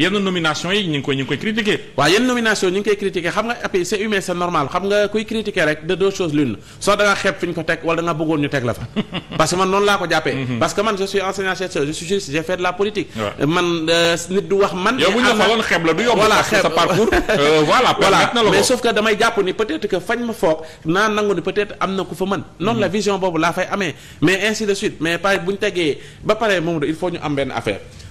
yenn nomination yi ñu ngi koy ñu ngi koy critiquer waaw yenn nomination ñu ngi koy critiquer xam nga appui c'est humain c'est normal xam nga kuy critiquer rek de deux choses l'une soit da nga fi ñu ko teg wala da bëggoon ñu teg la fa parce que man noonu laa ko jàppee mm-hmm. parce que man euh, nit du wax man yow bu ñu la faloon xeeb la du yomb voilà xeeb sa parcours euh, mais sauf que damay jàpp ni peut-être que fañ ma foog naa nangu ni peut-être am na ku fa mën noonu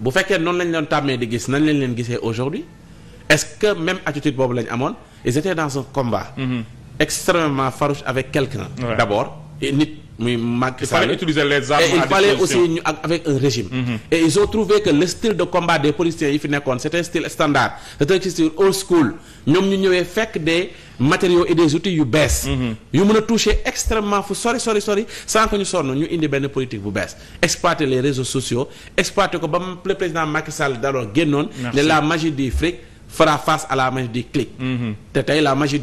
bu fekkee noonu lañ doon tàmmee di gis nañ lañ leen gisee aujourd'hui est-ce que même attitude boobu lañ amoon ils étaient dans un combat. Mm -hmm. extrêmement farouche avec quelqu'un ouais. d'abord nit muy Macky Sall. il fallait utiliser les armes et il fallait aussi ñu ak avec un régime. Mm-hmm. et ils ont trouvé que le style de combat des policiers yi fi nekkoon c' était style standard c' était style old school ñoom ñu ñëwee fekk des matériaux et des outils yu bees. Mm-hmm. yu mën a toucher extrêmement fu sori sori sans que ñu sonn ñu indi benn politique bu bees exploiter les réseaux sociaux exploiter ko ba le président Macky Sall génnoon. de la magie du fric. fera face à la magie des clics. Mm-hmm. te tey la magie